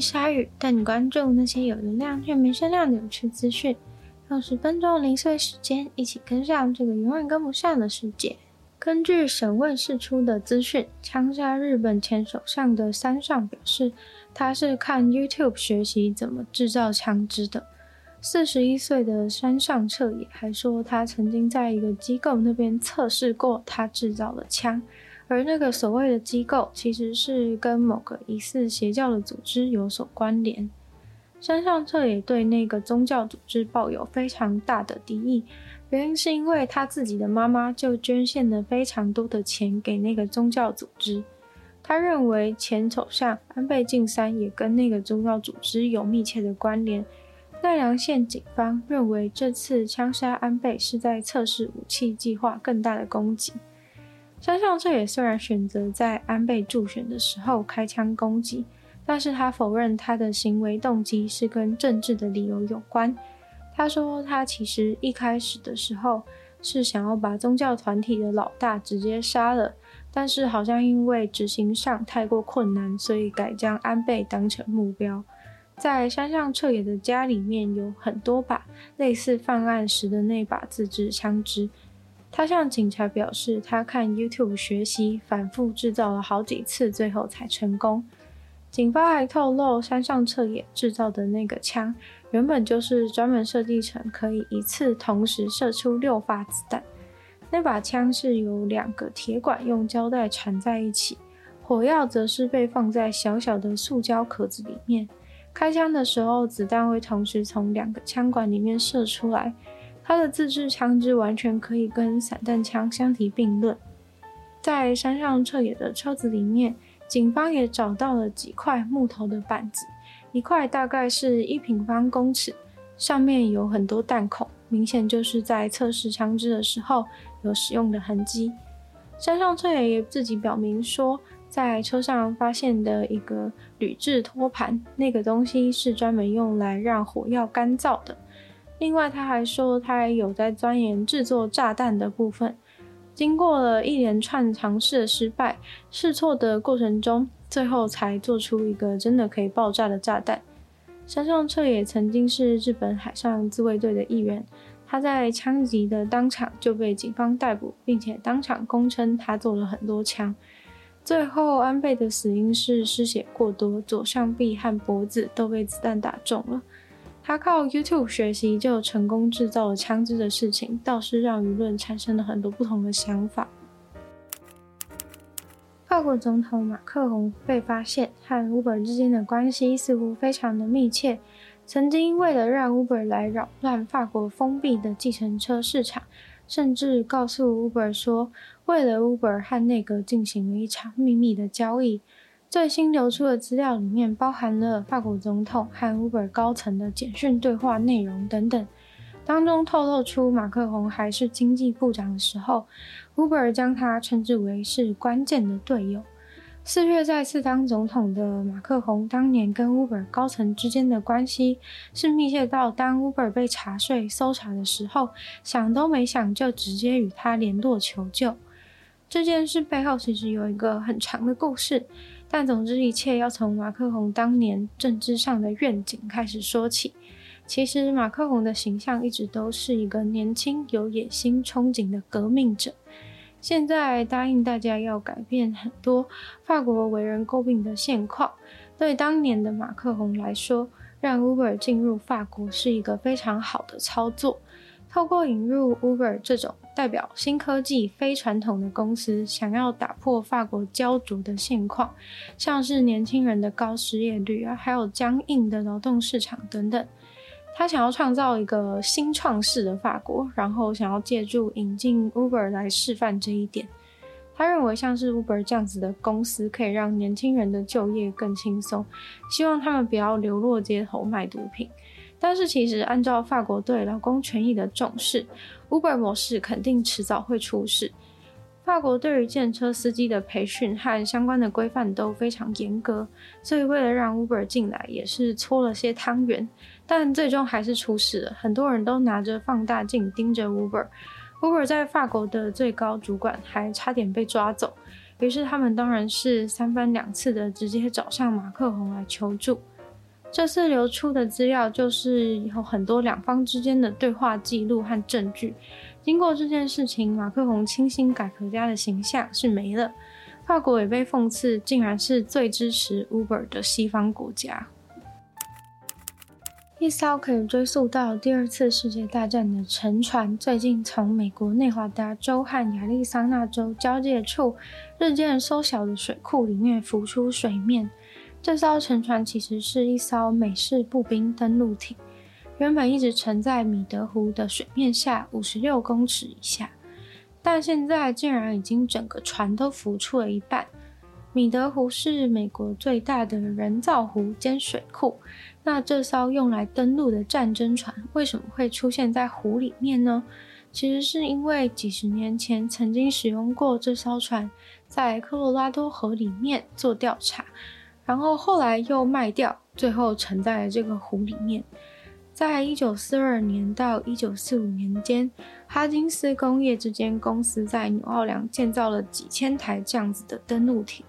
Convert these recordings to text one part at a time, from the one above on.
鯊魚帶你關注那些有流量卻沒聲量的有趣資訊，用十分鐘零碎時間，一起跟上這個永遠跟不上的世界。根據審問釋出的資訊，槍殺日本前首相的山上表示，他是看 YouTube 學習怎麼制造槍支的。四十一歲的山上徹也還說，他曾經在一個機構那邊測試過他製造的槍。而那個所謂的機構，其實是跟某個疑似邪教的組織有所關聯。山上徹也對那個宗教組織抱有非常大的敵意，原因是因為他自己的媽媽就捐獻了非常多的錢給那個宗教組織。他認為前首相安倍晉三也跟那個宗教組織有密切的關聯。奈良縣警方認為，這次槍殺安倍是在測試武器，計劃更大的攻擊。山上徹也雖然選擇在安倍助選的時候開槍攻擊，但是他否認他的行為動機是跟政治的理由有關。他說他其實一開始的時候是想要把宗教團體的老大直接殺了，但是好像因為執行上太過困難，所以改將安倍當成目標。在山上徹也的家裡面有很多把類似犯案時的那把自製槍支。他向警察表示，他看 YouTube 學習，反覆製造了好幾次，最後才成功。警方還透露，山上徹也製造的那個槍，原本就是專門設計成可以一次同時射出六發子彈。那把槍是由兩個鐵管用膠帶纏在一起，火藥則是被放在小小的塑膠殼子裡面。開槍的時候，子彈會同時從兩個槍管裡面射出來。他的自制槍支完全可以跟散彈槍相提並論。在山上徹也的車子裡面，警方也找到了幾塊木頭的板子，一塊大概是一平方公尺，上面有很多彈孔，明顯就是在測試槍支的時候有使用的痕迹。山上徹也也自己表明說，在車上發現的一個鋁制托盤，那個東西是專門用來讓火藥乾燥的。另外，他還說他還有在鑽研製作炸彈的部分。經過了一連串嘗試的失敗、試錯的過程中，最後才做出一個真的可以爆炸的炸彈。山上徹也曾經是日本海上自衛隊的一員，他在槍擊的當場就被警方逮捕，並且當場供稱他做了很多槍。最後，安倍的死因是失血過多，左上臂和脖子都被子彈打中了。他靠 YouTube 學習就成功製造了槍支的事情，倒是讓輿論產生了很多不同的想法。法國總統馬克宏被發現和 Uber 之間的關係似乎非常的密切，曾經為了讓 Uber 來擾亂法國封閉的計程車市場，甚至告訴 Uber 說，為了 Uber 和內閣進行了一場秘密的交易。最新流出的資料裡面包含了法國總統和 Uber 高層的簡訊對話內容等等，當中透露出馬克宏還是經濟部長的時候，Uber 將他稱之為是關鍵的隊友。四月再次當總統的馬克宏當年跟 Uber 高層之間的關係是密切到，當 Uber 被查稅搜查的時候，想都沒想就直接與他聯絡求救。這件事背後其實有一個很長的故事。但總之一切要從馬克宏當年政治上的願景開始說起。其實馬克宏的形象一直都是一個年輕、有野心、憧憬的革命者。現在答應大家要改變很多法國為人詬病的現況。對當年的馬克宏來說，讓 Uber 進入法國是一個非常好的操作。透過引入 Uber 這種代表新科技、非傳統的公司，想要打破法國膠著的現況，像是年輕人的高失業率啊，還有僵硬的勞動市場等等，他想要創造一個新創式的法國，然後想要借助引進 Uber 來示範這一點。他認為像是 Uber 這樣子的公司可以讓年輕人的就業更輕鬆，希望他們不要流落街頭賣毒品。但是其實，按照法國對勞工權益的重視，Uber 模式肯定遲早會出事。法國對於建車司機的培訓和相關的規範都非常嚴格，所以為了讓 Uber 進來，也是搓了些湯圓。但最終還是出事了，很多人都拿着放大鏡盯着 Uber。Uber 在法國的最高主管還差點被抓走，於是他們當然是三番兩次的直接找上馬克宏來求助。這次流出的資料就是有很多兩方之間的對話記錄和證據。經過這件事情，馬克宏清新改革家的形象是沒了。法國也被諷刺，竟然是最支持 Uber 的西方國家。一艘可以追溯到第二次世界大戰的沉船，最近從美國內華達州和亞利桑那州交界處日漸縮小的水庫裡面浮出水面。這艘沉船其實是一艘美式步兵登陸艇，原本一直沉在米德湖的水面下五十六公尺以下，但現在竟然已經整個船都浮出了一半。米德湖是美國最大的人造湖兼水庫，那這艘用來登陸的戰爭船為什麼會出現在湖裡面呢？其實是因為幾十年前曾經使用過這艘船在科羅拉多河裡面做調查。然後後來又賣掉，最後沉在了這個湖裡面。在一九四二年到一九四五年間，哈金斯工業這間公司在紐奧良建造了幾千台這樣子的登陸艇，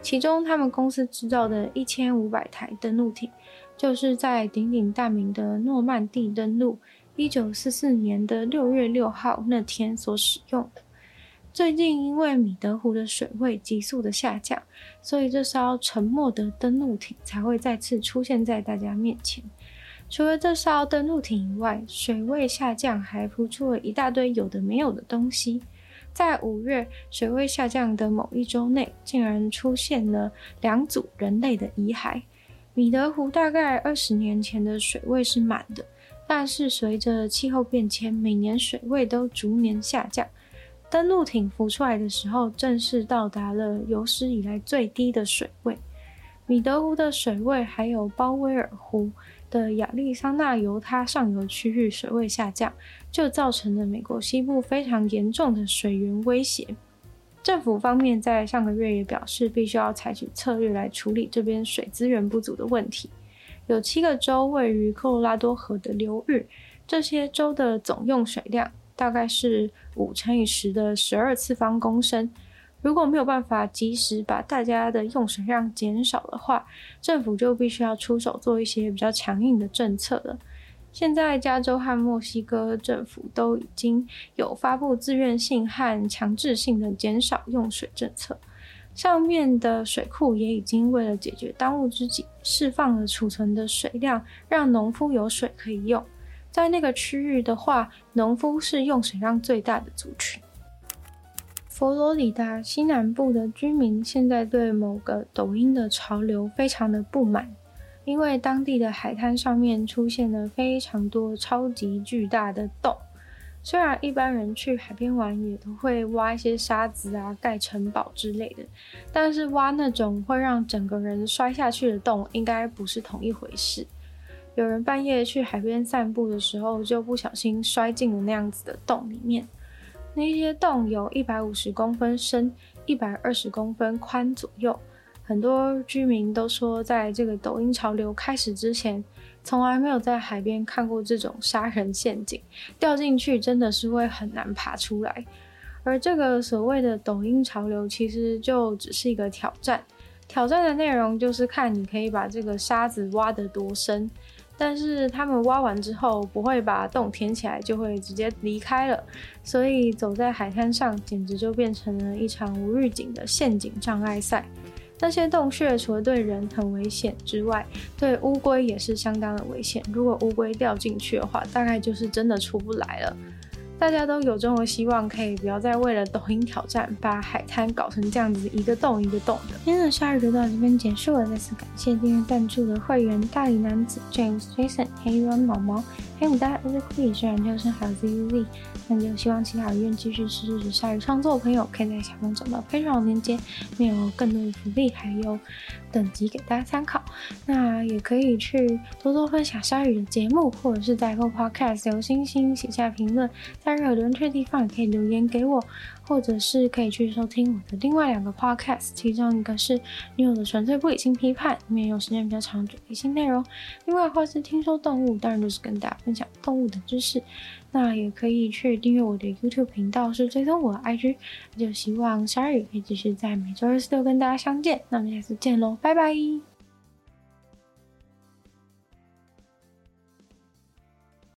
其中他們公司制造的一千五百台登陸艇，就是在鼎鼎大名的諾曼底登陸，一九四四年的六月六號那天所使用。最近因為米德湖的水位急速的下降，所以這艘沉沒的登陸艇才會再次出現在大家面前。除了這艘登陸艇以外，水位下降還浮出了一大堆有的沒有的東西。在五月水位下降的某一周內，竟然出現了兩組人類的遺骸。米德湖大概二十年前的水位是滿的，但是隨着氣候變遷，每年水位都逐年下降。登陸艇浮出來的時候，正式到達了有史以來最低的水位。米德湖的水位，還有鮑威爾湖的亞利桑那、猶他上游區域水位下降，就造成了美國西部非常嚴重的水源威脅。政府方面在上個月也表示，必須要採取策略來處理這邊水資源不足的問題。有七個州位於科羅拉多河的流域，這些州的總用水量，大概是五乘以十的十二次方公升。如果沒有辦法及時把大家的用水量減少的話，政府就必須要出手做一些比較強硬的政策了。現在，加州和墨西哥政府都已經有發布自願性和強制性的減少用水政策。上面的水庫也已經為了解決當務之急，釋放了儲存的水量，讓農夫有水可以用。在那個區域的話，農夫是用水量最大的族群。佛羅里達西南部的居民現在對某個抖音的潮流非常的不滿，因為當地的海灘上面出現了非常多超級巨大的洞。雖然一般人去海邊玩也都會挖一些沙子啊、蓋城堡之類的，但是挖那種會讓整個人摔下去的洞，應該不是同一回事。有人半夜去海邊散步的時候，就不小心摔進了那樣子的洞裡面。那些洞有一百五十公分深，一百二十公分寬左右。很多居民都說，在這個抖音潮流開始之前，從來沒有在海邊看過這種殺人陷阱。掉進去真的是會很難爬出來。而這個所謂的抖音潮流，其實就只是一個挑戰。挑戰的內容就是看你可以把這個沙子挖得多深。但是他們挖完之後不會把洞填起來，就會直接離開了。所以走在海灘上，簡直就變成了一場無預警的陷阱障礙賽。那些洞穴除了對人很危險之外，對烏龜也是相當的危險。如果烏龜掉進去的話，大概就是真的出不來了。大家都有這麼希望，可以不要再為了抖音挑戰把海灘搞成這樣子，一個洞一個洞的。今天的鯊魚就到這邊結束了，再次感謝訂閱贊助的會員：大理男子 James Jason 黑衣人毛毛黑牡大 Alicia 研究生還有 z u 那就希望其他有願繼續支持鯊魚創作的朋友，可以在下方找到 Patreon 連結，沒有更多的福利還有等級給大家參考。那也可以去多多分享鯊魚的節目，或者是代購 Podcast，留星星，寫下評論。在任何有趣地方，也可以留言給我，或者是可以去收聽我的另外兩個 podcast，其中一個是《女友的純粹不理性批判》，裡面有時間比較長的主題性內容；另外的話是《聽說動物》，當然就是跟大家分享動物的知識。那也可以去訂閱我的 YouTube 頻道，是追蹤我的 IG。就希望鯊魚可以繼續在每週二、四、六跟大家相見。那我們下次見嘍，拜拜。